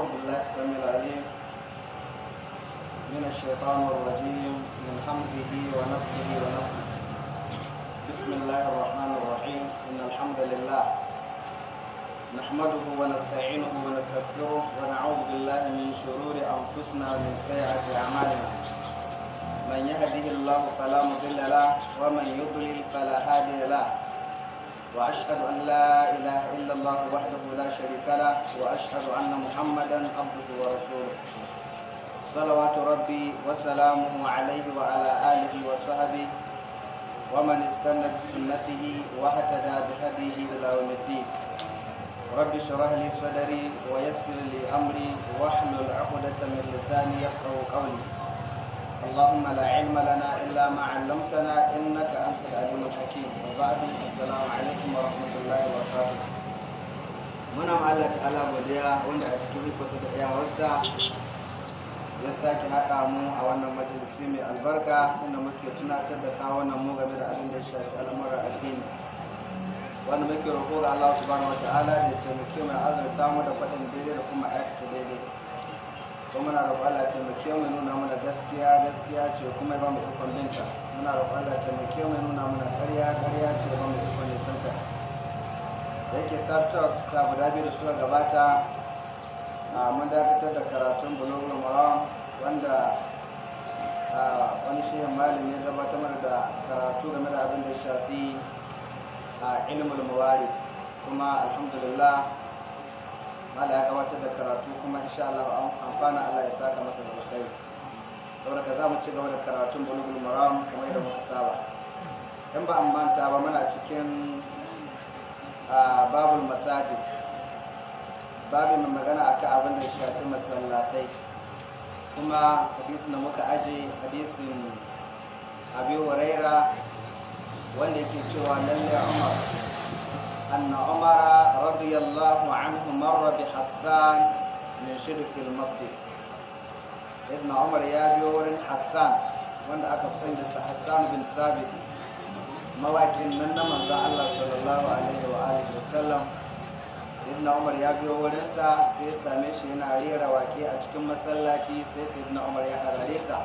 أعوذ بالله السميع العليم من الشيطان الرجيم من حمزه ونفخه ونفخه بسم الله الرحمن الرحيم إن الحمد لله نحمده ونستعينه ونستغفره ونعوذ بالله من شرور أنفسنا ومن سيئات أعمالنا من يهده الله فلا مضل له ومن يضلل فلا هادي له وأشهد أن لا إله إلا الله وحده لا شريك له وأشهد أن محمدا عبده ورسوله صلوات ربي وسلامه عليه وعلى آله وصحبه ومن استنى بسنته واهتدى بهديه إلى يوم الدين رب اشرح لي صدري ويسر لي أمري واحلل عقدة من لساني يفقه قولي اللهم لا علم لنا إلا ما علمتنا إنك أنت العليم الحكيم وبعد السلام عليكم ورحمة الله وبركاته muna Allah ta'ala godiya wanda a cikin rikonsa da hausa ya sake haɗa mu a wannan majalisi mai albarka inda muke tunatar da kawunan mu game da abin ya shafi al'amuran addini wanda muke roƙo Allah subhanahu wa da ya taimake mu mu da faɗin daidai da kuma aikata daidai Kuma muna roƙon Allah taimake mu nuna mana gaskiya gaskiya ce kuma ba mu ikon binta muna roƙon Allah taimake mu nuna mana ƙarya ƙarya ce ba mu ikon nisanta yake sartok ka guda biyu da suka gabata mun dakatar da karatun bulogun maram wanda wani shirin malami ya gabatar da karatu game da abin da ya shafi a ilimin mawari kuma alhamdulillah mala ya kamata da karatu kuma insha Allah amfana Allah ya saka masa da alkhairi saboda za mu ci gaba da karatun bulugul maram kamar yadda muka saba in ba an banta ba muna cikin babul masajid Babu mai magana akan abin da ya shafi masallatai kuma hadisin da muka aje hadisin abi waraira wanda yake cewa lallai umar أن عمر رضي الله عنه مر بحسان ينشد في المسجد سيدنا عمر يا بيورن حسان wanda aka fi da su Hassan bin Sabit mawakin nan na manzo Allah sallallahu alaihi wa alihi wasallam sayyidina Umar ya biyo wurinsa sa sai ya same shi yana rera wake a cikin masallaci sai sayyidina Umar ya harare sa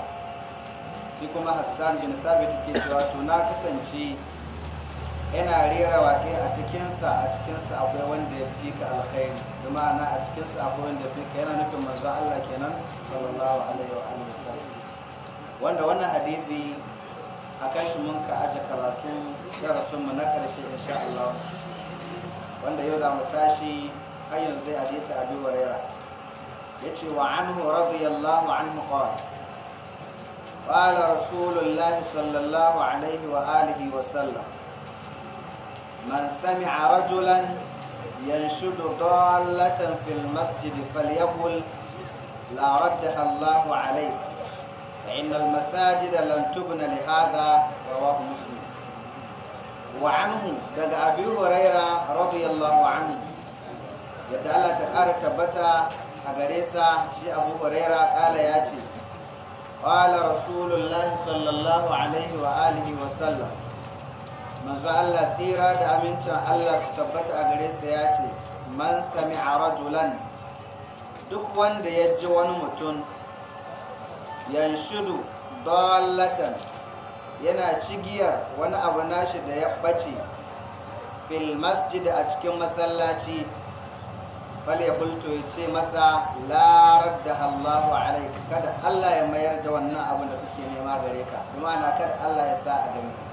shi kuma Hassan bin ke cewa na kasance yana rera waƙe a cikinsa a cikinsa akwai wanda ya fi ka alkhairi da ma'ana a cikinsa akwai wanda ya fi ka yana nufin manzo Allah kenan sallallahu alaihi wa alihi wanda wannan hadithi a kan shi mun ka aje karatun darasin mu na karshe insha Allah wanda yau za mu tashi har yanzu dai hadithi Abi Hurairah yace wa anhu radiyallahu anhu qala قال رسول الله صلى الله عليه wa sallam. من سمع رجلا ينشد ضالة في المسجد فليقل لا ردها الله عليك فإن المساجد لن تبنى لهذا رواه مسلم وعنه دقى أبي هريرة رضي الله عنه يتعالى تقار تبتا أغريسا شي أبو هريرة قال ياتي قال رسول الله صلى الله عليه وآله وسلم manzo Allah tsira da amincin Allah su tabbata a gare sa ya ce man a rajulan duk wanda ya ji wani mutum yan yanshudu dalatan yana cigiyar wani abu nashi da ya bace fil masjid a cikin masallaci ya ce masa larar da Allahu alayka kada Allah ya mayar da wannan abun da kuke nema gare ka kuma na kada Allah ya sa a gani.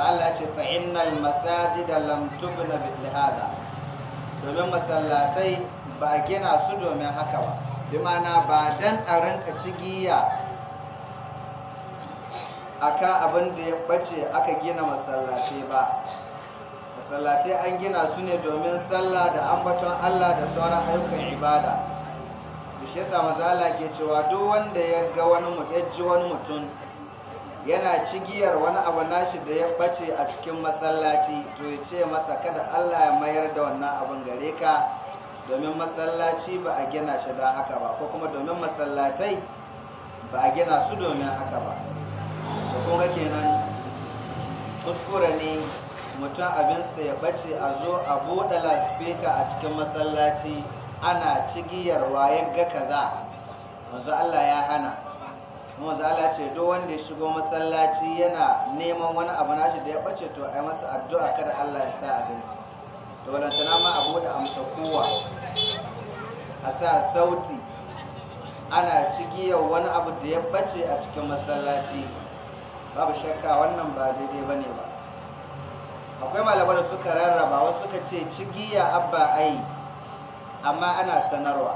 Allah ce fa innal da lam tubna bi hada domin masallatai ba gina su domin haka ba bi ma'ana ba dan a rinka cigiya akan abin da ya bace aka gina masallatai ba masallatai an gina su ne domin sallah da ambaton Allah da sauran ayyukan ibada shi yasa maza ke cewa duk wanda ya ga ya ji wani mutum yana cigiyar wani abu nashi da ya bace a cikin masallaci to ya ce masa kada Allah ya mayar da wannan abin gare ka domin masallaci ba a gina shi don haka ba ko kuma domin masallatai ba a gina su domin haka ba da kuma kenan kuskure ne mutum abinsa ya bace a zo a buɗe laspeka a cikin masallaci ana cigiyar wayar ga kaza wanzu Allah ya hana maza Allah ce duk wanda ya shigo masallaci yana neman wani abu nashi da ya bace to ai masa addu'a kada Allah ya sa abin to walantana ma abu da amsa kowa a sa sauti ana cigiyar wani abu da ya bace a cikin masallaci babu shakka wannan ba daidai ba ne ba akwai malaman da suka rarraba wasu suka ce cigiya abba ai amma ana sanarwa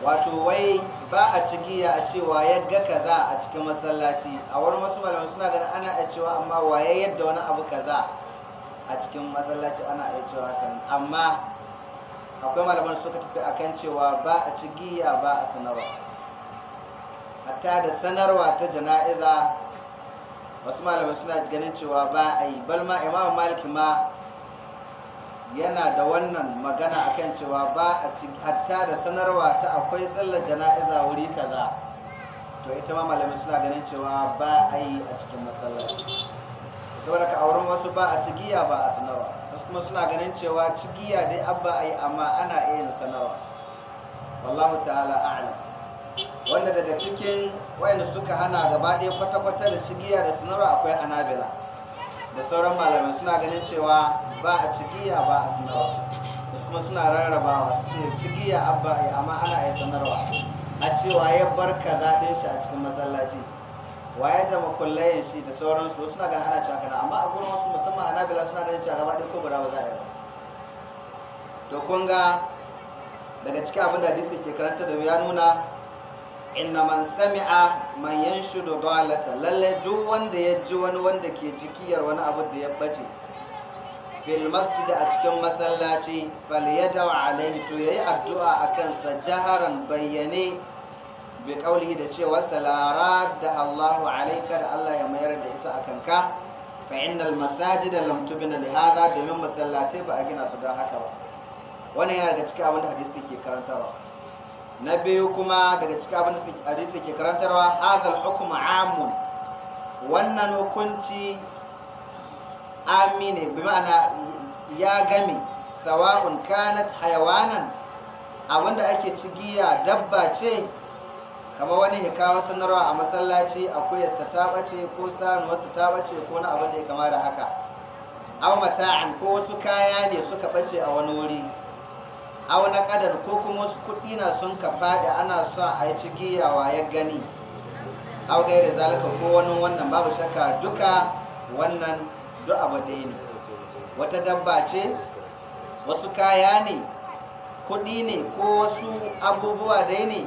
wato wai ba a cigiya a cewa yadda kaza a cikin masallaci a wani wasu malamai suna ganin ana iya cewa amma waye yadda wani abu kaza a cikin masallaci ana iya cewa kan amma akwai malaman suka tafi a kan cewa ba a cigiya ba a sanarwa hatta da sanarwa ta jana'iza wasu malamai suna ganin cewa ba a yi balma imamu maliki ma yana da wannan magana akan cewa ba a hatta da sanarwa ta akwai tsallar jana'iza wuri kaza to ita ma malamai suna ganin cewa ba a yi a cikin masallaci saboda ka auren wasu ba a cigiya ba a sanarwa wasu kuma suna ganin cewa cigiya dai abba a yi amma ana iya yin sanarwa wallahu ta'ala a'lam wanda daga cikin wayanda suka hana gaba ɗaya kwata-kwata da cigiya da sanarwa akwai anabila da sauran malamai suna ganin cewa ba a cigiya ba a sanarwa wasu kuma suna rarrabawa su ce cigiya abba ya amma ana yi sanarwa a cewa ya bar kaza shi a cikin masallaci waye da makullayin shi da sauransu wasu suna ganin ana cewa kana amma a gurin wasu musamman anabila suna ganin cewa gaba ɗaya ko guda ba za a yi ba to kun ga daga cikin abin da hadisi ke karanta da ya nuna inna man sami'a man yanshudu dalata lalle duk wanda ya ji wani wanda ke jikiyar wani abu da ya bace fil masjid a cikin masallaci falyadaw alaihi to yayi addu'a akan sa jaharan bayyane bi kauli da cewa salara da Allahu alaika da Allah ya mayar da ita akan ka fa innal masajid lam tubna li hadha domin masallatai ba a gina su don haka ba wannan yana daga cikin abin da hadisi ke karantawa na biyu kuma daga cikin abin da hadisi ke karantarwa hadal hukuma amun wannan hukunci amine bi ma'ana ya gami sawa'un kanat hayawanan abinda ake cigiya dabba ce kama wani ya kawo sanarwa a masallaci akuyarsa ta bace ko su ta bace ko na abin da ya kama da haka aw mata'an ko wasu kaya ne suka bace a wani wuri auna kadar ko kuma wasu kuɗi na sun ka fada ana sa a yi cigiyawa ya gani au da zalika ko wani wannan babu shakka duka wannan du'a abu ɗaya ne wata dabba ce wasu kaya ne kuɗi ne ko wasu abubuwa dai ne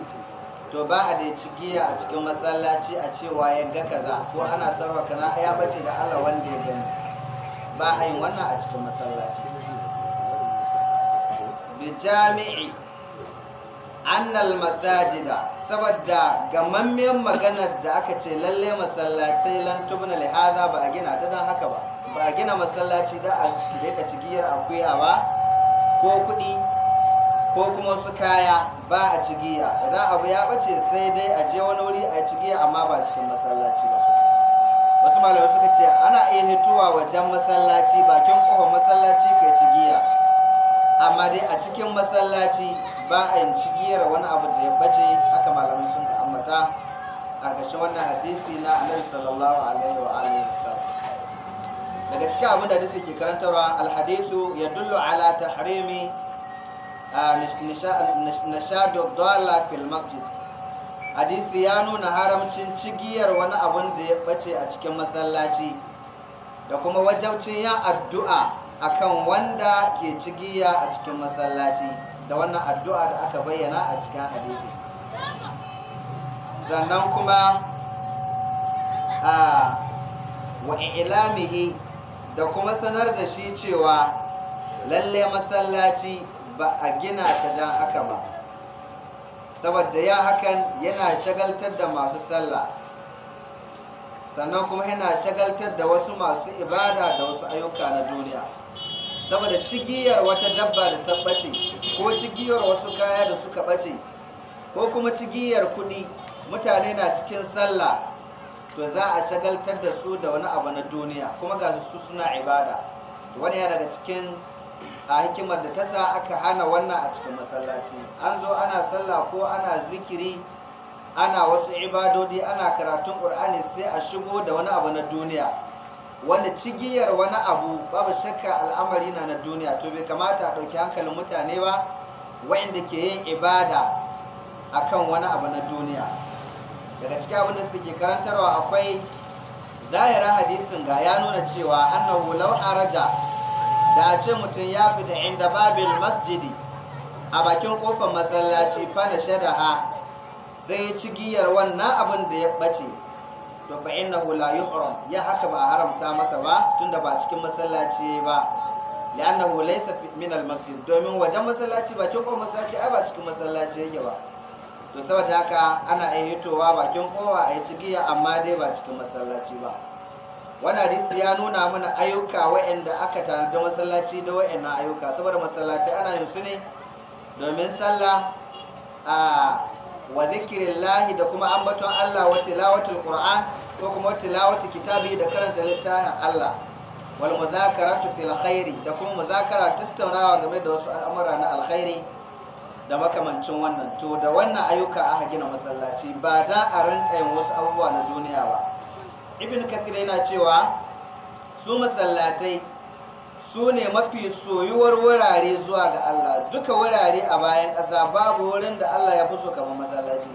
to ba a dai cigiya a cikin masallaci a cewa ya ga kaza ko ana sarrafa na ya bace da Allah wanda ya gani ba a yin wannan a cikin masallaci jami'i annal masajida saboda gamammiyar maganar da aka ce lalle masallacai lan tubna lihada ba a gina ta don haka ba ba a gina masallaci da a daga cigiyar akuya ba ko kudi ko kuma su kaya ba a cigiya idan abu ya bace sai dai a je wani wuri a cigiya amma ba cikin masallaci ba wasu malamai suka ce ana iya hituwa wajen masallaci bakin kofar masallaci kai cigiya amma dai a cikin masallaci ba a yin cigiyar wani abu da ya bace haka malamai sun ka ambata a ƙarshen wannan hadisi na annabi sallallahu alaihi wa alihi wasallam daga cikin abin da hadisi ke karantarwa alhadithu yadullu ala tahrimi nishadu dala fil masjid hadisi ya nuna haramcin cigiyar wani abun da ya bace a cikin masallaci da kuma wajaucin ya addu'a akan wanda ke cigiya a cikin masallaci da wannan addu'a da aka bayyana a cikin hadisi sannan kuma a wa ilamihi da kuma sanar da shi cewa lalle masallaci ba a gina ta don haka ba saboda ya hakan yana shagaltar da masu sallah sannan kuma yana shagaltar da wasu masu ibada da wasu ayyuka na duniya saboda cigiyar wata dabba da ta ɓace ko cigiyar wasu kaya da suka bace ko kuma cigiyar kuɗi mutane na cikin sallah to za a shagaltar da su da wani abu na duniya kuma ga su suna ibada wani yana daga cikin a hikimar da ta sa aka hana wannan a cikin masallaci an zo ana sallah ko ana zikiri ana wasu ibadodi ana karatun ƙur'ani sai a shigo da wani abu na duniya wanda cigiyar wani abu babu shakka al'amari na na duniya to bai kamata a ɗauki hankalin mutane ba wa'inda ke yin ibada a kan wani abu na duniya daga cikin abin da suke karantarwa akwai zahira hadisin ga ya nuna cewa annahu law araja. da a ce mutum ya fita inda babil masjidi a bakin kofar masallaci fa na shadaha sai cigiyar wannan abin da ya ɓace. to fa hu la yuhram ya haka ba a haramta masa ba tunda ba cikin masallaci ba hu laysa min al-masjid domin wajen masallaci bakin ko masallaci ai ba cikin masallaci yake ba to saboda haka ana iya hitowa bakin kowa a yi ciki amma dai ba cikin masallaci ba wani hadisi ya nuna mana ayyuka waɗanda aka tanada masallaci da waɗannan ayyuka saboda masallaci ana yin su ne domin sallah a wa zikirillahi da kuma ambaton Allah wa tilawatul Qur'an ko kuma tilawati kitabi da karanta littafin Allah wal muzakaratu fil khairi da kuma muzakara tattaunawa game da wasu al'amura na alkhairi da makamancin wannan to da wannan ayyuka aka gina masallaci ba da a rinka wasu abubuwa na duniya ba ibn kathir yana cewa su masallatai su ne mafi soyuwar wurare zuwa ga Allah duka wurare a bayan ƙasa babu wurin da Allah ya fi so kamar masallaci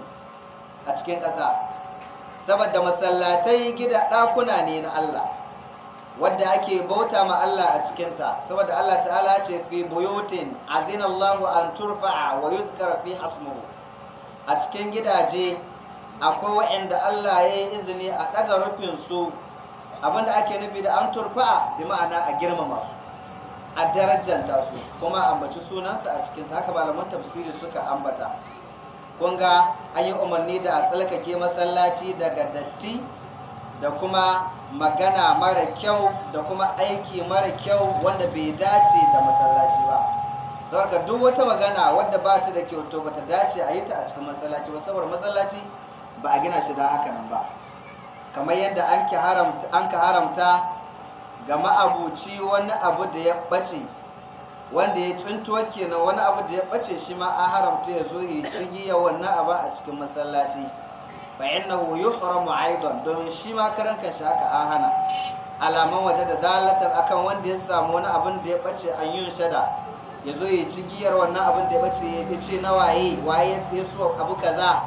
a cikin ƙasa saboda masallatai gida ɗakuna ne na Allah wadda ake bauta ma Allah a cikinta saboda Allah ta'ala ce fi buyutin adinallahu an turfa'a wa yudkar fi asmuhu a cikin gidaje akwai wa'anda Allah ya yi izini a ɗaga rufin su abinda ake nufi da an turfa'a bi ma'ana a girmama su a darajanta su kuma ambaci sunansa a cikinta haka malaman tafsiri suka ambata kun ga an yi umarni da a tsalkake masallaci daga datti da kuma magana mara kyau da kuma aiki mara kyau wanda bai dace da masallaci ba saboda duk wata magana wadda ba ta da kyau to ta dace a yi ta a cikin masallaci ba saboda masallaci ba a gina shi don haka nan ba kamar yadda an ka haramta ga ma'abuci wani abu da ya ɓace. wanda ya tsintuwa kenan wani abu da ya bace shi ma a haramta ya zo ya ci ya wannan abu a cikin masallaci na huyu yuhramu aidon domin shi ma karan kashi haka an hana alaman waje da dalatar akan wanda ya samu wani abin da ya ɓace an yi shada ya zo ya ci giyar wannan abin da ya ɓace ya ce na waye waye ya so abu kaza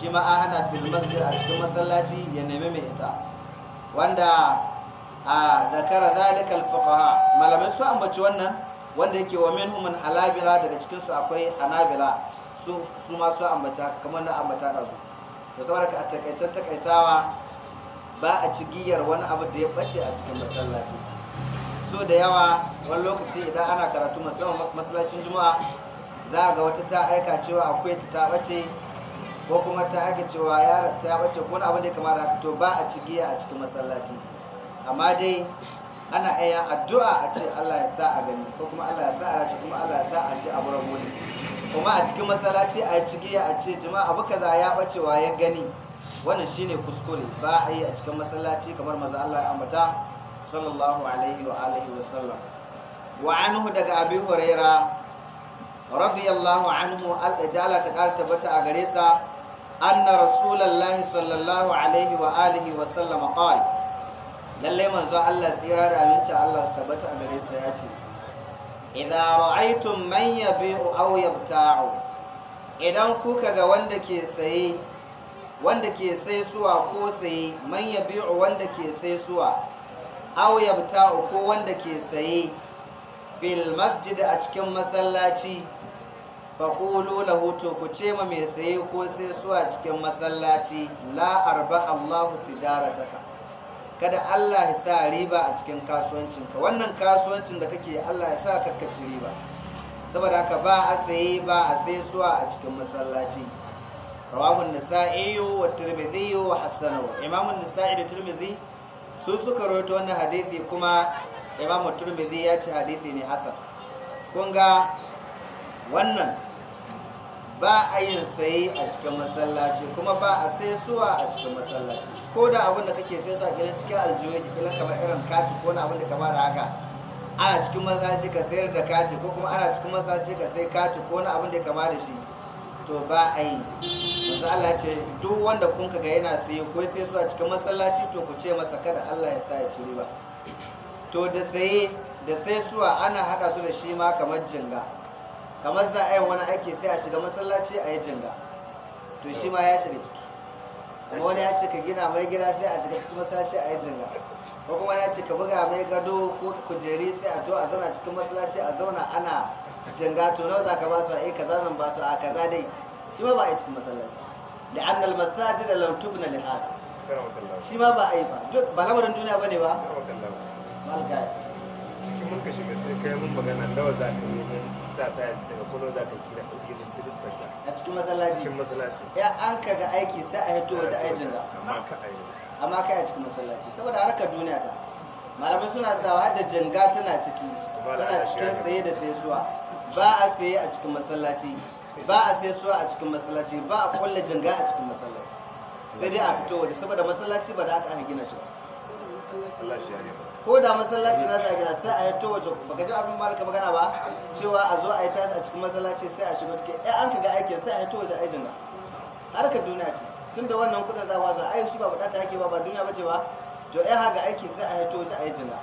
shi ma an hana fil masjid a cikin masallaci ya nemi mai ita wanda a zalikal fuqaha malamai su ambaci wannan wanda yake wa min an halabila daga cikin su akwai hanabila su masu ma su ambata kamar na ambata da su to saboda ka takaitar takaitawa ba a cigiyar wani abu da ya bace a cikin masallaci so da yawa wani lokaci idan ana karatu musamman masallacin juma'a za a ga wata ta aika cewa akwai ta ta bace ko kuma ta aika cewa yaron ta bace ko wani abu da ya kamata to ba a cigiya a cikin masallaci amma dai ana iya addu'a a ce Allah ya sa a gani ko kuma Allah ya sa a rashi kuma Allah ya sa a shi a wurin wuri kuma a cikin masallaci a ciki a ce jima'a abu kaza ya bacewa ya gani wannan shine kuskure ba a yi a cikin masallaci kamar maza Allah ya ambata sallallahu alaihi wa alihi wa sallam wa anhu daga abi huraira radiyallahu anhu al-idala ta kara tabbata a gare sa anna rasulullahi sallallahu alaihi wa alihi wa sallam qala lallai manzo Allah tsira da amincin Allah su tabbata a gare sa ya ce idza ra'aytum man yabi'u aw yabta'u idan kuka ga wanda ke saye wanda ke sai suwa ko saye man yabi'u wanda ke sai suwa aw yabta'u ko wanda ke saye fil masjid a cikin masallaci faƙulu lahu to ku ce ma mai saye ko sai suwa cikin masallaci la arba Allahu tijarataka kada Allah ya sa riba a cikin kasuwancinka wannan kasuwancin da kake Allah ya sa kakkaci riba saboda haka ba a saye ba a sai suwa a cikin masallaci rawahun nisa'i wa tirmidhi wa hasanahu imamun nisa'i da tirmidhi su suka rawaito wannan hadithi kuma imamu tirmidhi ya ce hadisi ne hasan kun ga wannan ba a yin saye a cikin masallaci kuma ba a sai suwa a cikin masallaci ko da abin da kake sai su a cikin aljihu yake kilan kamar irin kati ko na abin da kamar haka ana cikin masallaci ka sayar da kati ko kuma ana cikin masallaci ka sai kati ko na abin da kama da shi to ba a yi yanzu Allah ce duk wanda kun ga yana saye ko sai suwa a cikin masallaci to ku ce masa kada Allah ya sa ya ci riba to da saye da sai suwa ana hada su da shi ma kamar jinga kamar za a yi wani aiki sai a shiga masallaci a yi jinga to shi ma ya shiga ciki kuma wani ya ce ka gina mai gida sai a shiga cikin masallaci a yi jinga ko kuma ya ce ka buga mai gado ko kujeri sai a to a zauna cikin masallaci a zauna ana jinga to nawa za ka ba su a eh, yi kaza zan ba su a kaza dai shi ma ba a yi cikin masallaci da annal masajid da lam na li hada shi ma ba a yi ba duk ba lamarin duniya bane ba cikin mun ka shiga sai kai mun magana nawa za ka yi a cikin masallaci ya an ka ga aiki sai a hito waje aikin ga amma ka a a cikin masallaci saboda harkar duniya ta malamai suna sawa har da janga tana ciki tana cikin saye da sai suwa ba a saye a cikin masallaci ba a sai suwa a cikin masallaci ba a kulle janga a cikin masallaci sai dai a fito waje saboda masallaci ba da aka gina shi ba ko da masallaci na zagaya sai a yato waje baka ji abin malaka magana ba cewa a zo a yi tasi a cikin masallaci sai a shiga cikin ɗaya eh, an ka ga aikin sai a yato waje aikin nan ka duniya ce tun da wannan kudin za a zo ai shi ba ta yake ba ba duniya bace ba to ɗaya eh, haka aiki sai a yato waje aikin nan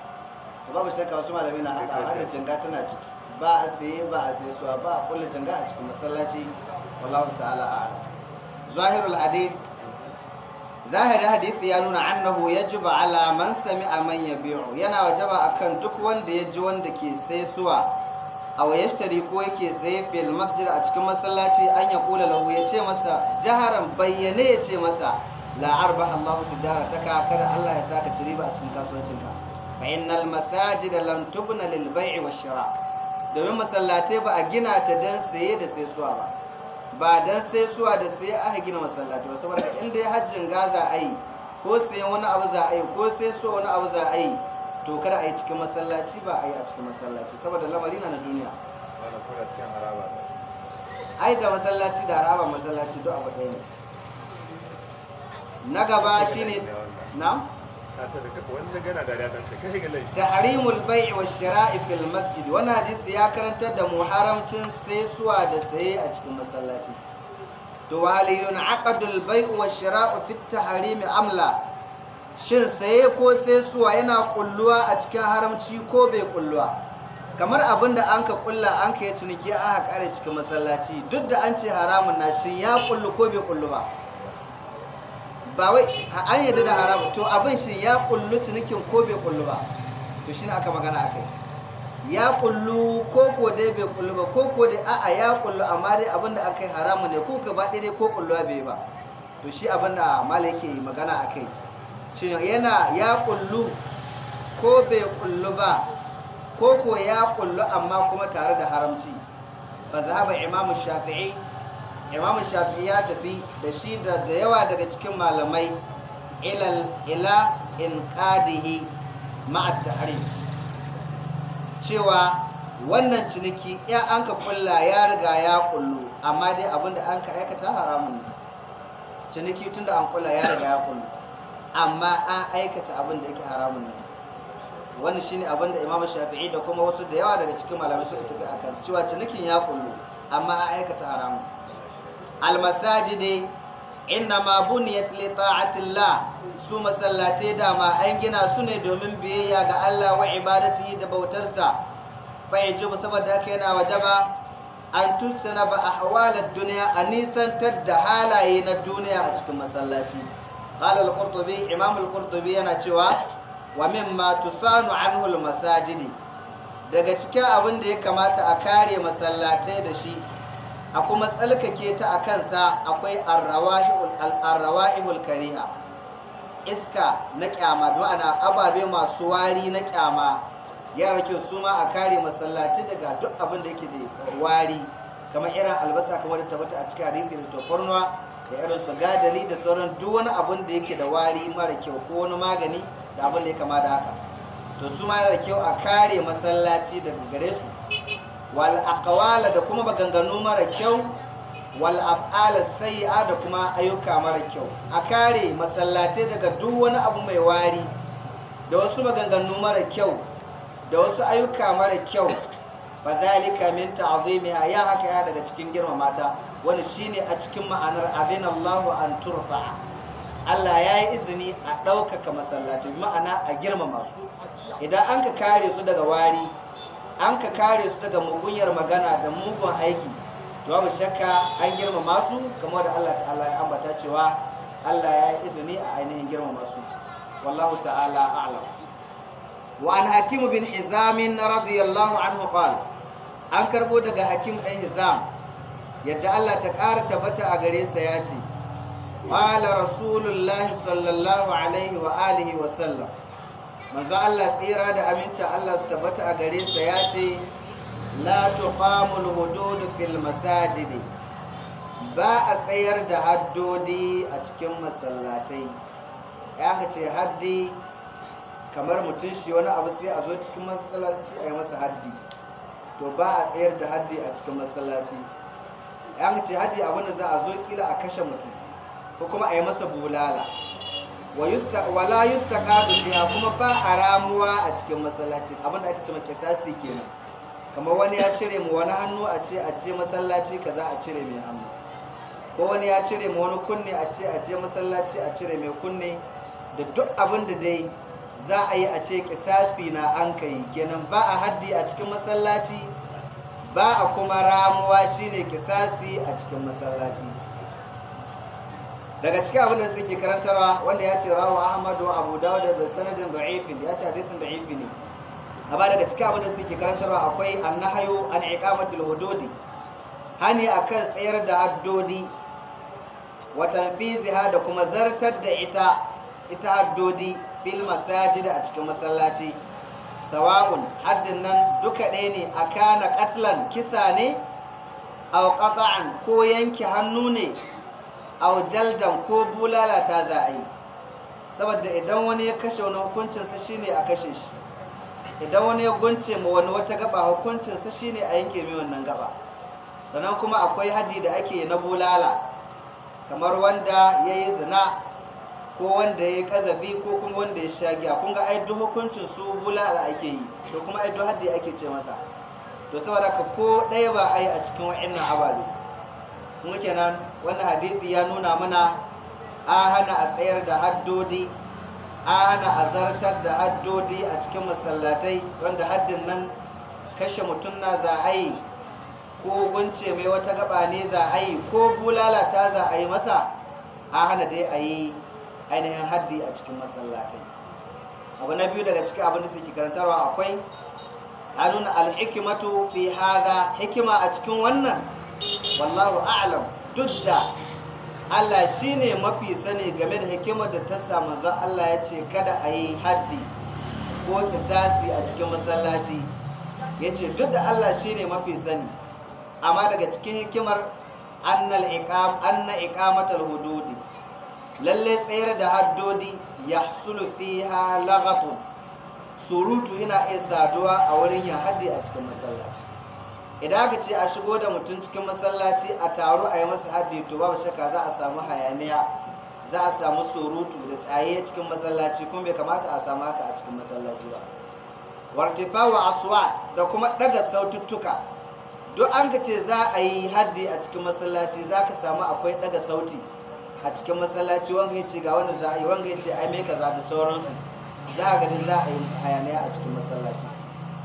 to babu shakka wasu malami na haɗa hada janga tana ciki ba a saye ba a saye suwa ba a kulle janga a cikin masallaci wallahu ta'ala a'lam zahirul adil zahiri hadithi ya nuna annahu ya yajibu ala man sami'a man yabi'u yana wajaba akan duk wanda ya ji wanda ke sai suwa aw yashtari ko yake sai fil masjid a cikin masallaci an ya kula lahu ya ce masa jaharan bayyane ya ce masa la ba Allahu tijarataka kada Allah ya saka ci riba a cikin kasuwancinka fa innal masajid lam tubna lil bai'i wash shira domin masallatai ba a gina ta dan saye da sai suwa ba ba don sai suwa da sai a gina masallaci ba saboda inda ya hajjin gaza a yi ko sai wani abu za a yi ko sai suwa wani abu za a yi to kada a yi cikin masallaci ba a yi a cikin masallaci saboda lamari na na duniya ai da masallaci da haraba masallaci duk abu ɗaya ne na gaba shine na tahrimul bai wa shira'i fil masjid wani hadisi ya karantar da muharamcin haramcin saisuwa da saye a cikin masallaci to wa hal yun'aqadul bai'u wa shira'u fit amla shin saye ko saisuwa yana kulluwa a cikin haramci ko bai kulluwa kamar abin da an ka kulla an ka yi ciniki an haƙa cikin masallaci duk da an ce haramun na shin ya kullu ko bai kullu ba ba wai an yadda da haramu to abin shi ya kullu cinikin ko bai kullu ba to shi ne aka magana akai ya kullu ko ko dai bai kullu ba ko ko dai a'a ya kullu amma dai abin da aka yi haramu ne ko ka ba dai ko ba bai ba to shi abin da malai ke magana akai cin yana ya kullu ko bai kullu ba ko ko ya kullu amma kuma tare da haramci fa zahaba imamu shafi'i imam shafi ya tafi da shi da yawa daga cikin malamai ilal ila inqadihi ma'a hari. cewa wannan ciniki ya an ka kulla ya riga ya kullu amma dai abinda an ka aikata haramun ne ciniki tun da an kulla ya riga ya kullu amma an aikata abinda yake haramun ne wannan shine abinda imamu shafi'i da kuma wasu da yawa daga cikin malamai suka tafi a kansu cewa cinikin ya kullu amma an aikata haramun almasajidi inna ma buniyat li ta'atillah su masallate da ma an gina su ne domin biyayya ga Allah wa ibadatihi da bautarsa bai ji saboda haka yana ba. an tustana ba ahwalad duniya a nisantar da halaye na duniya a cikin masallaci qala al imam al yana cewa wa mimma tusanu anhu al-masajidi daga cikin abin da ya kamata a kare masallatai da shi a kuma tsalkake ta a kansa akwai arrawa'ihul kariha iska na kyama ma'ana ababe masu wari na kyama ya rake su ma a kare masallaci daga duk abin da yake da wari kamar irin albasa kamar da tabbata a cikin ringin tofarnuwa da irin su gadali da sauran duk wani abin da yake da wari mara kyau ko wani magani da abin da ya kama da haka to su ma kyau a kare masallaci daga gare su wal aqwala da kuma maganganu mara kyau wal af'ala sayyi'a da kuma ayyuka mara kyau a kare masallatai daga duk wani abu mai wari da wasu maganganu mara kyau da wasu ayyuka mara kyau fa zalika min ta'zimi ya haka ya daga cikin girma mata wani shine a cikin ma'anar adina Allahu an turfa Allah ya yi izini a ɗaukaka masallatai ma'ana a girmama su idan an ka kare su daga wari an ka kare su daga mugunyar magana da mugun aiki to babu shakka an girmama su kamar da Allah ta'ala ya ambata cewa Allah ya yi izini a ainihin girma masu wallahu ta'ala a'lam wa an hakim bin hizam radiyallahu anhu qala an karbo daga hakim dan hizam yadda Allah ta ƙara tabbata a gare sa ya ce qala rasulullahi sallallahu alaihi wa alihi wa sallam manzo Allah tsira da aminta Allah su tabbata a gare sa ya ce la tuqamul hudud fil masajidi ba a tsayar da haddodi a cikin masallatai ya ce haddi kamar mutum shi wani abu sai a zo cikin masallaci a yi masa haddi to ba a tsayar da haddi a cikin masallaci ya ce haddi abin za a zo kila a kashe mutum ko kuma a yi masa bulala wala yustaka ya kuma ba a ramuwa a cikin masallaci abinda ake cewa kisasi kenan kamar wani ya cire mu wani hannu a ce a je masallaci kaza a cire mai hannu ko wani ya cire mu wani kunne a ce a je masallaci a cire mai kunne da duk abin da dai za a yi a ce kisasi na an kai kenan ba a haddi a cikin masallaci ba a kuma ramuwa shine kisasi a cikin masallaci daga cikin abin da suke karantarwa wanda ya ce rawa ahmadu abu dawud da sanadin da'ifin ya ce hadithin da'ifi ne amma daga cikin abin da suke karantarwa akwai hayo an iqamatul hududi hani akan tsayar da haddodi wa tanfiziha da kuma zartar da ita ita haddodi fil masajid a cikin masallaci sawa'un haddin nan duka ɗaya ne akana qatlan kisa ne aw qata'an ko yanke hannu ne aujaldan jaldan ko bulala ta za a yi saboda idan wani ya kashe wani hukuncinsa shine a kashe shi idan wani ya gunce ma wani wata gaba hukuncinsa shine a yanke mai wannan gaba sannan kuma akwai haddi da ake na bulala kamar wanda ya yi zina ko wanda ya yi kazafi ko kuma wanda ya shagiya kun ga aido hukuncin su bulala ake yi to kuma aido haddi ake ce masa to saboda ka ko ɗaya ba a yi a cikin wa'annan abadu muke nan. wannan hadithi ya nuna mana a hana a tsayar da haddodi a hana a zartar da haddodi a cikin masallatai wanda haddin nan kashe mutum na za a yi ko gunce mai wata gaba ne za yi ko bulalata za yi masa a hana dai a yi ainihin haddi a cikin masallatai abu na biyu daga cikin abin da suke karantarwa akwai a nuna alhikimatu fi hada hikima a cikin wannan wallahu a'alam. duk da Allah shi ne mafi sani game da hikimar da ta samu zan Allah ya ce kada a yi haddi ko kisasi a cikin masallaci ya ce duk da Allah shi ne mafi sani amma daga cikin hikimar anna ikamatar hududi lalle tsayar da haddodi ya sulufi ha lagatun surutu yana iya saduwa a wurin yin haddi a cikin masallaci idan aka ce a shigo da mutum cikin masallaci a taro a yi masa haddi to babu shakka za a samu hayaniya za a samu surutu da tsaye cikin masallaci kuma bai kamata a samu haka a cikin masallaci ba wartifawa aswat da kuma daga saututtuka duk an ka ce za a yi haddi a cikin masallaci za ka samu akwai daga sauti a cikin masallaci wanga ya ce ga wanda za a yi wanga ya ce ai mai kaza da sauransu za a gani za a yi hayaniya a cikin masallaci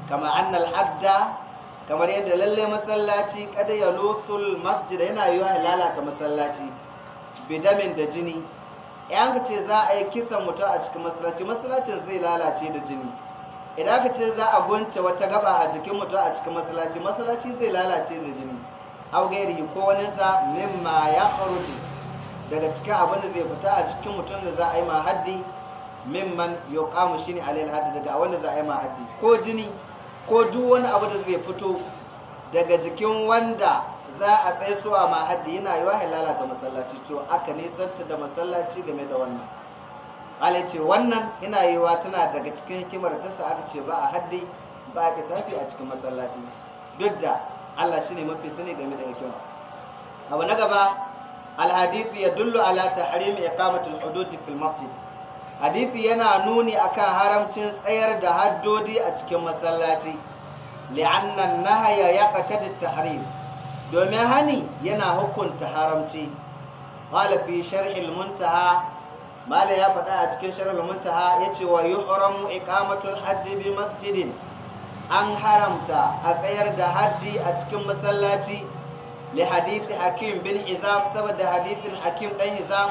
kama annal hadda kamar yadda lalle masallaci kada ya lothul masjid yana ya lalata masallaci bidamin da jini yan ka ce za a yi kisan mutu a cikin masallaci masallacin zai lalace da jini idan ka ce za a gunce wata gaba a jikin mutu a cikin masallaci masallaci zai lalace da jini au yi ko wani sa mimma ya kharuji daga cikin abin da zai fita a cikin mutum da za a yi ma haddi mimman yuqamu ne alil haddi daga wanda za a yi ma haddi ko jini ko duk wani abu da zai fito daga jikin wanda za a tsaye suwa ma haddi yana yi wa lalata masallaci to aka nisanta da masallaci game da wannan ala ce wannan yana yi wa tana daga cikin hikimar ta sa aka ce ba a haddi ba a kisasi a cikin masallaci duk da allah shi ne mafi sani game da hikima abu na gaba alhadithu ya dullu ala ya kamatul hudud fil masjid hadithi yana nuni akan haramcin tsayar da haddodi a cikin masallaci li'annan nahaya ya kata da tahrim domin hani yana hukunta haramci qala fi muntaha mala ya faɗa a cikin ha, ya ce wa yuhramu ikamatun haddi bi masjidin an haramta a tsayar da haddi a cikin masallaci li hadithi hakim bin hizam saboda hadithin hakim dan hizam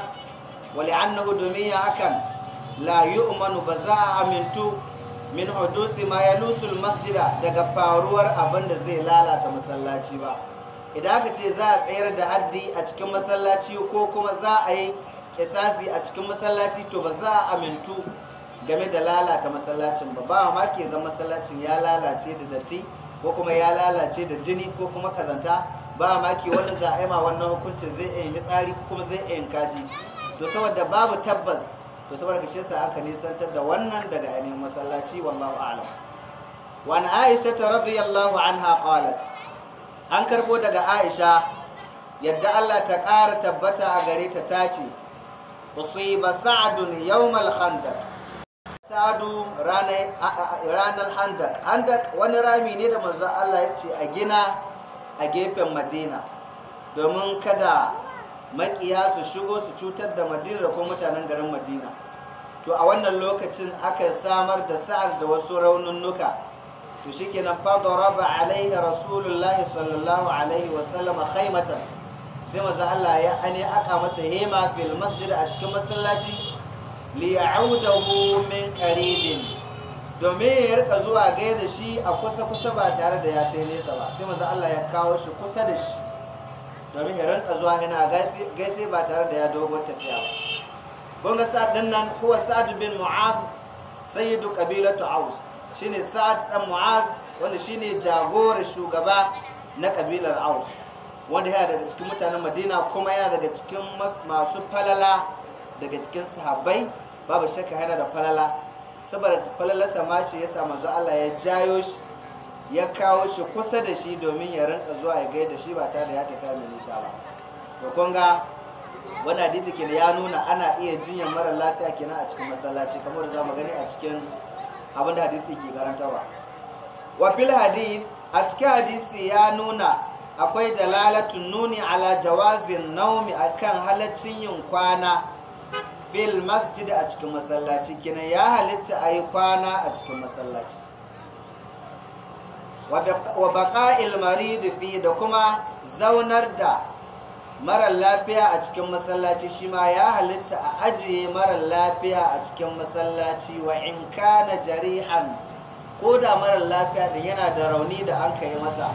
wa domin dumiya hakan la yu'manu ba za a amintu min hudusi ma ya lusul masjida daga faruwar abin da zai lalata masallaci ba idan aka ce za a tsayar da haddi a cikin masallaci ko kuma za a yi kisasi a cikin masallaci to ba za a amintu game da lalata masallacin ba ba ma ke zan masallacin ya lalace da datti ko kuma ya lalace da jini ko kuma kazanta ba ma ke wani za a yi ma wannan hukuncin zai yi tsari ko kuma zai yi kashi to saboda babu tabbas to saboda ka shesa aka nisantar da wannan daga ainihin masallaci wallahu a'lam wa an aisha ta radiyallahu anha qalat an karbo daga aisha yadda Allah ta ƙara tabbata a gare ta tace usiba sa'dun yawmal khandaq sa'du ranar handak handak wani rami ne da manzo Allah ya ce a gina a gefen madina domin kada makiya su shigo su cutar da madina ko mutanen garin madina to a wannan lokacin aka samar da sa'ar da wasu raununnuka to shikenan fadaraba alaihi rasulullahi sallallahu alaihi wasallam khaymatan sai maza Allah ya ane aka masa hema fil masjid a cikin masallaci li ya'udahu min qaribin domin ya rika zuwa gaida shi a kusa kusa ba tare da ya tai nesa ba sai maza Allah ya kawo shi kusa da shi domin ya rinka zuwa yana gaise ba tare da ya dogon tafiya ba kun ga sa'ad din nan kuwa sa'ad bin mu'az sayyidu qabilatu aus shine sa'ad ɗan mu'az wanda shine jagorar shugaba na kabilar aus wanda yana daga cikin mutanen madina kuma yana daga cikin masu falala daga cikin sahabbai babu shakka yana da falala saboda falalarsa ma shi ya samu Allah ya jayo shi ya kawo shi kusa da shi domin ya rinka zuwa ya gaida shi ba tare ya tafi mai nisa ba to kun ga wannan hadisi ke ya nuna ana iya jinyar mara lafiya kenan a cikin masallaci kamar za mu gani a cikin abin da hadisi ke garantawa wa fil hadith a cikin hadisi ya nuna akwai dalalatun nuni ala jawazin naumi akan halaccin yin kwana fil masjid a cikin masallaci kenan ya halitta ayi kwana a cikin masallaci wa baƙa'il da fi da kuma zaunar da marar lafiya a cikin masallaci shi ma ya halitta a ajiye marar lafiya a cikin masallaci wa in kana jari'an ko da marar lafiya da yana da rauni da an kai masa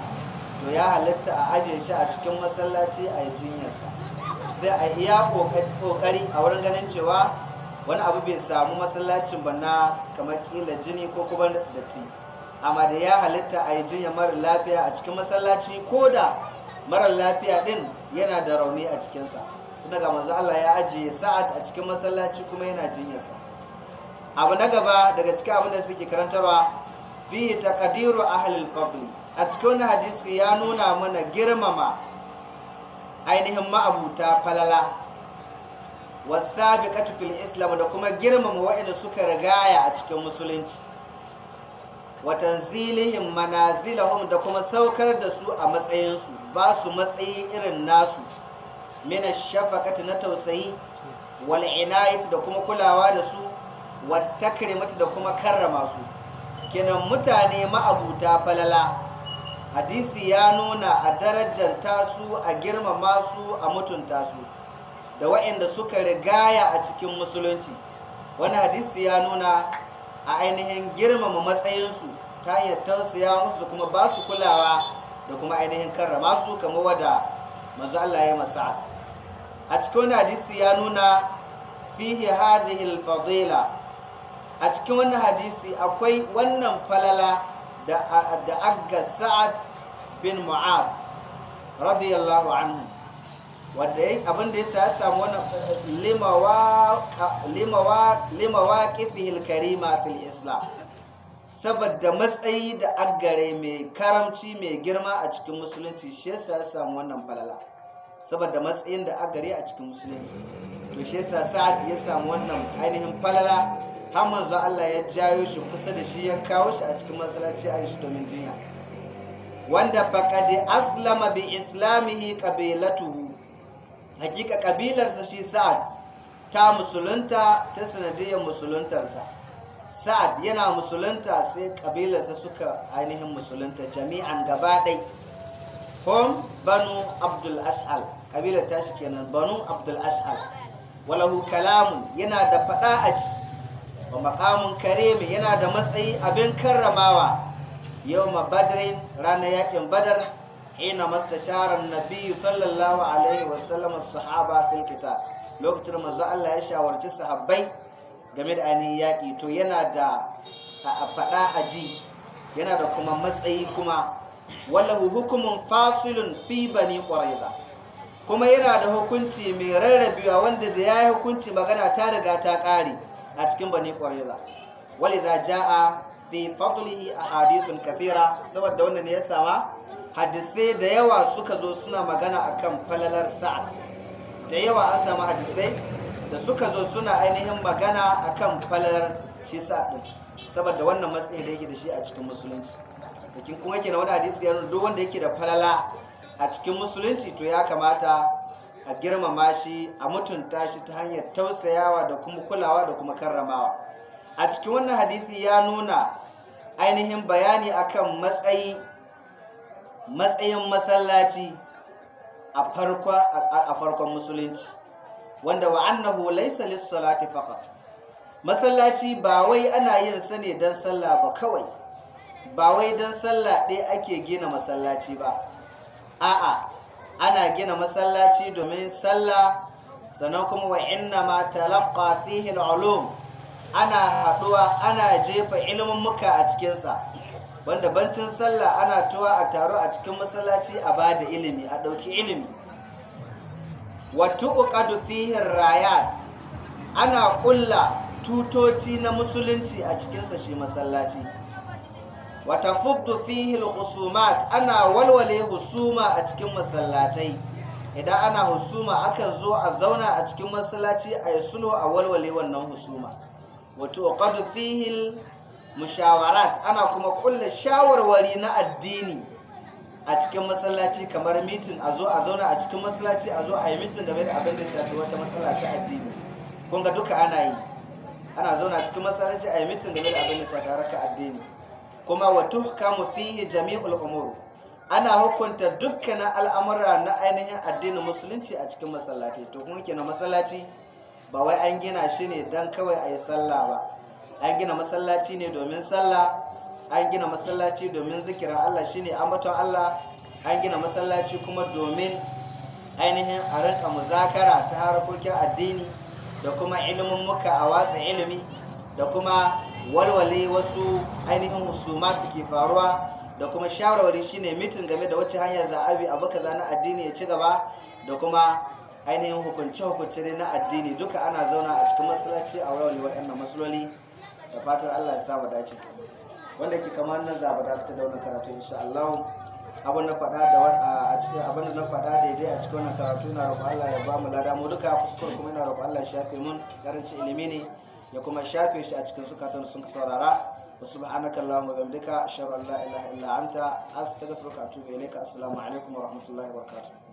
to ya halitta a ajiye shi a cikin masallaci a yi jinyarsa sai a iya kokari a wurin ganin cewa wani abu bai samu masallacin ba na kamar kila jini ko kuma datti amma da ya halitta a yi jinya mara lafiya a cikin masallaci ko da mara lafiya din yana da rauni a cikinsa tun daga manzo Allah ya ajiye sa'ad a cikin masallaci kuma yana jinyarsa abu na gaba daga cikin abin da suke karantarwa bihi taqdiru ahlil fadl a cikin wani hadisi ya nuna mana girmama ainihin ma'abuta falala wasabiqatu fil islam da kuma girmama wa'anda suka rigaya a cikin musulunci watanzilihim manazilahum da kuma saukar da su a matsayinsu ba su matsayi irin nasu mina shafakati na tausayi wal inayat da kuma kulawa da su wat takrimat da kuma karrama su kenan mutane ma'abuta falala hadisi ya nuna a darajar tasu a girmama su a mutunta su da waɗanda suka rigaya a cikin musulunci wani hadisi ya nuna a ainihin girmama matsayinsu ta hanyar tausaya musu kuma ba su kulawa da kuma ainihin karrama su kamar wada manzo Allah ya masa'at a cikin wani hadisi ya nuna fihi hadhihi al-fadila a cikin wani hadisi akwai wannan falala da da agga sa'ad bin mu'ad radiyallahu anhu wanda abin da ya samu wani eh, limawa limawa limawa kifihil karima fil islam saboda matsayi da agare mai karamci mai girma a cikin musulunci shi ya samu wannan falala saboda matsayin da agare a cikin musulunci to shi ya sa'ad ya samu wannan ainihin falala har manzo Allah ya jayo shi kusa da shi ya kawo shi a cikin masallaci a shi domin jinya wanda da aslama bi islamihi qabilatuhu hakika kabilarsa shi sa'ad ta musulunta ta sanadiyar musuluntarsa sa'ad yana musulunta sai kabilarsa suka ainihin musulunta jami'an gaba ɗai hom banu abdul ash'al kabilar tashi kenan banu abdul ash'al walahu kalamun yana da faɗa a ci wa makamun karemi yana da matsayi abin karramawa yau ma badrin ranar yakin badar hina mastashara nabi sallallahu alaihi wasallam sahaba fil filkita lokacin mazu Allah ya shawarci sahabbai game da ainihin yaƙi to yana da a faɗa a ji yana da kuma matsayi kuma wallahu hukumun fasilun fi bani ƙwaraiza kuma yana da hukunci mai rarrabewa wanda da ya yi hukunci magana ta riga ta ƙare a cikin bani ƙwaraiza wali za ja a fi fadlihi a hadithun kafira saboda wanda ne ya sama hadisai da yawa suka zo suna magana akan falalar sa'ad da yawa an samu hadisai da suka zo suna ainihin magana akan falalar shi sa'ad din saboda wannan matsayi da yake da shi a cikin musulunci lakin kuma yake na wani hadisi yanar duk wanda yake da falala a cikin musulunci to ya kamata a girmama shi a mutunta shi ta hanyar tausayawa da kuma kulawa da kuma karramawa a cikin wannan hadisi ya nuna ainihin bayani akan matsayi matsayin masallaci a farkon musulunci wanda wa annahu laysa lis-salati faqat masallaci ba wai ana yin sa ne dan sallah ba kawai ba wai dan sallah ɗaya ake gina masallaci ba a'a ana gina masallaci domin sallah sannan kuma wa inna ma talaqqa fihi al-ulum ana haduwa ana jefa ilimin muka a cikin sa wanda bancin sallah ana tuwa a taro a cikin masallaci a ba da ilimi a ɗauki ilimi wato uqadu fihi rayat ana ƙulla tutoci na musulunci a cikinsa shi masallaci wata fuddu fihi husumat ana walwale husuma a cikin masallatai idan ana husuma akan zo a zauna a cikin masallaci a yi a walwale wannan husuma wato uqadu fihi mushawarat ana kuma kulle shawarwari na addini a cikin masallaci kamar mitin a zo a zauna a cikin masallaci a zo a yi mitin game da abin da shafi wata matsala ta addini kun ga duka ana yi ana zauna a cikin masallaci a yi mitin game da abin da shafi harka addini kuma wa tuhkamu fihi jami'ul umur ana hukunta dukkanin al'amura na ainihin addinin musulunci a cikin masallaci to kuma kina masallaci ba wai an gina shi ne don kawai a yi sallah ba an gina masallaci ne domin sallah an gina masallaci domin zikirin Allah shine ambaton Allah an gina masallaci kuma domin ainihin a rinka muzakara ta harkokin addini da kuma ilimin muka a watsa ilimi da kuma walwale wasu ainihin husumatu ke faruwa da kuma shawarwari shine mitin game da wacce hanyar za'abi abu baka zana addini ya ci gaba da kuma ainihin hukunce-hukunce na addini duka ana zauna a cikin masallaci a walwale waɗannan masaloli da fatan Allah ya samu dace wanda yake kamar nan za mu ta da karatu insha Allah abin na faɗa da a cikin abin da na faɗa daidai a cikin wannan karatu na roƙo Allah ya ba mu lada mu duka fuskar kuma na roƙo Allah ya shafe mun karanci ilimi ne ya kuma shafe shi a cikin sukatan sun saurara wa subhanaka allahumma wa bihamdika ashhadu an la ilaha illa anta astaghfiruka wa atubu ilayka assalamu alaikum wa rahmatullahi wa barakatuh